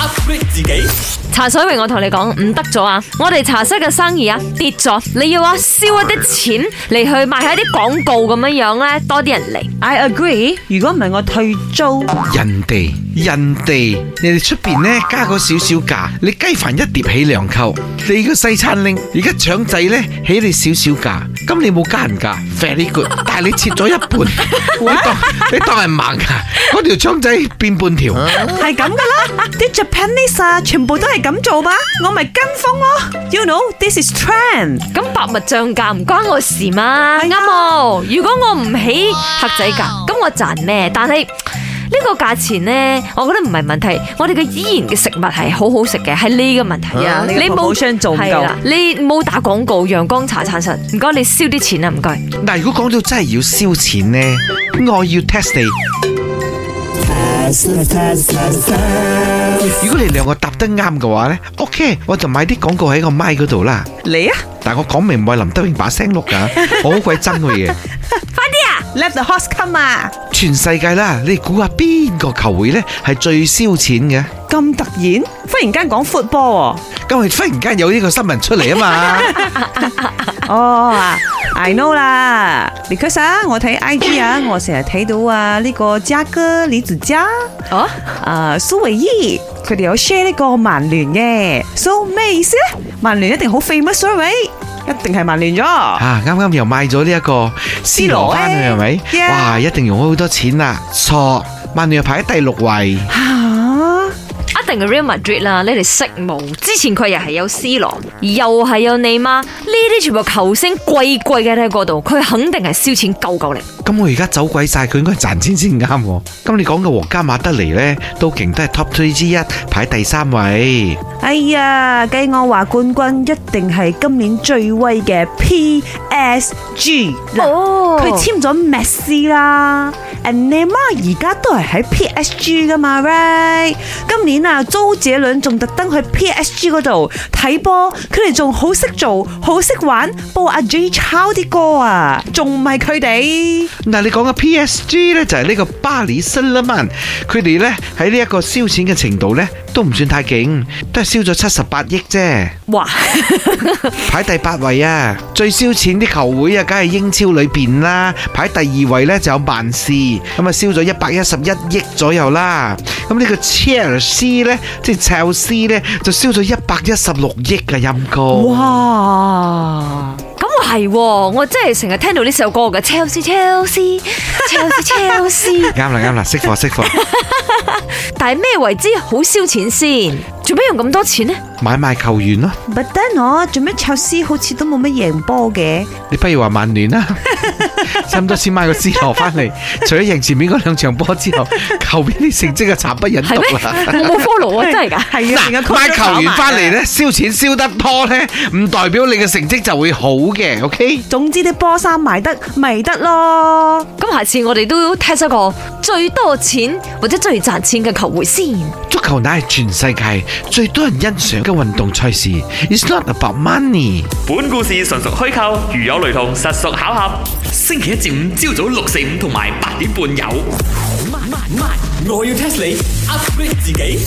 update 自己，茶水榮我同你講唔得咗啊！我哋茶室嘅生意啊跌咗，你要啊燒一啲錢嚟去賣下啲廣告咁樣樣咧，多啲人嚟。I agree。如果唔係我退租，人哋人哋人哋出邊咧加個少少價，你雞飯一碟起兩扣，你個西餐拎而家腸仔咧起你少少價，咁你冇加人價，very good，但係你切咗一半，你當你當係盲噶，嗰條腸仔變半條，係咁噶啦，啲著。Panisa 全部都係咁做吧，我咪跟風咯。You know this is trend。咁百物漲價唔關我事嘛？係啱喎。哇如果我唔起客仔價，咁我賺咩？但係呢、呢個價錢呢，我覺得唔係問題。我哋嘅依然嘅食物係好好食嘅，係呢個問題啊。啊你冇做唔夠，你冇打廣告。陽光茶餐室，唔該你燒啲錢啊，唔該。但如果講到真係要燒錢呢，我要 test 你。如果你兩個答得啱嘅話咧，OK，我就買啲廣告喺個麥嗰度啦。嚟啊！但係我講明唔係林德榮把聲錄噶，我好鬼憎佢嘅。快啲啊！Let the horse come 啊！全世界啦，你估下邊個球會咧係最燒錢嘅？咁突然，忽然間講 football，今日忽然間有呢個新聞出嚟啊嘛。哦。I know 啦，李克生，我睇 I G 啊，我成日睇到啊呢個嘉哥李子嘉，哦，啊蘇偉義，佢哋有 share 呢個曼聯嘅，so 咩意思咧？曼聯一定好廢乜蘇偉，一定係曼聯咗，啊，啱啱又買咗呢一個 C 朗返係咪？哇，一定用咗好多錢啦，錯，曼聯又排喺第六位。Real Madrid 啦，你哋識無？之前佢又係有 C 羅，又係有你媽，呢啲全部球星貴貴嘅喺嗰度，佢肯定係燒錢夠夠你。咁我而家走鬼晒，佢應該係賺錢先啱。咁你講嘅皇家馬德里咧，都勁，都係 top three 之一，排第三位。哎呀，咁我話冠軍一定係今年最威嘅 PSG，佢簽咗梅 C 啦。Oh. and 你媽而家都係喺 PSG 噶嘛 right？今年啊，周杰倫仲特登去 PSG 嗰度睇波，佢哋仲好識做，好識玩，播阿 Jay 抄啲歌啊，仲唔係佢哋？嗱，你講嘅 PSG 咧就係、是、呢個巴黎辛勒曼，佢哋咧喺呢一個燒錢嘅程度咧都唔算太勁，都係燒咗七十八億啫，哇！ 排第八位啊，最燒錢啲球會啊，梗係英超裏邊啦，排第二位咧就有曼市。咁啊，燒咗一百一十一億左右啦。咁呢個 Chelsea 咧 Ch，即係 Chelsea 咧，就燒咗一百一十六億嘅音歌。哇！咁啊係，我真係成日聽到呢首歌嘅 Chelsea Chelsea Chelsea Chelsea。啱啦啱啦，識貨識貨。 但係咩為之好燒錢先？做咩用咁多錢呢？買賣球員咯。唔得我做咩炒師，好似都冇乜贏波嘅。你不如話曼聯啦，差唔多先買個 C 羅翻嚟，除咗贏前面嗰兩場波之後，球邊啲成績啊慘不忍睹啊！我冇 follow 啊，真係噶係啊！買球員翻嚟咧，燒錢燒得多咧，唔代表你嘅成績就會好嘅。OK，總之啲波衫賣得咪得咯。咁下次我哋都 test 個最多錢或者最賺錢嘅球會先。足球乃係全世界最多人欣賞嘅運動賽事，It's not about money。本故事純屬虛構，如有雷同，實屬巧合。星期一至五朝早六四五同埋八點半有。我要 test 你，upgrade 自己。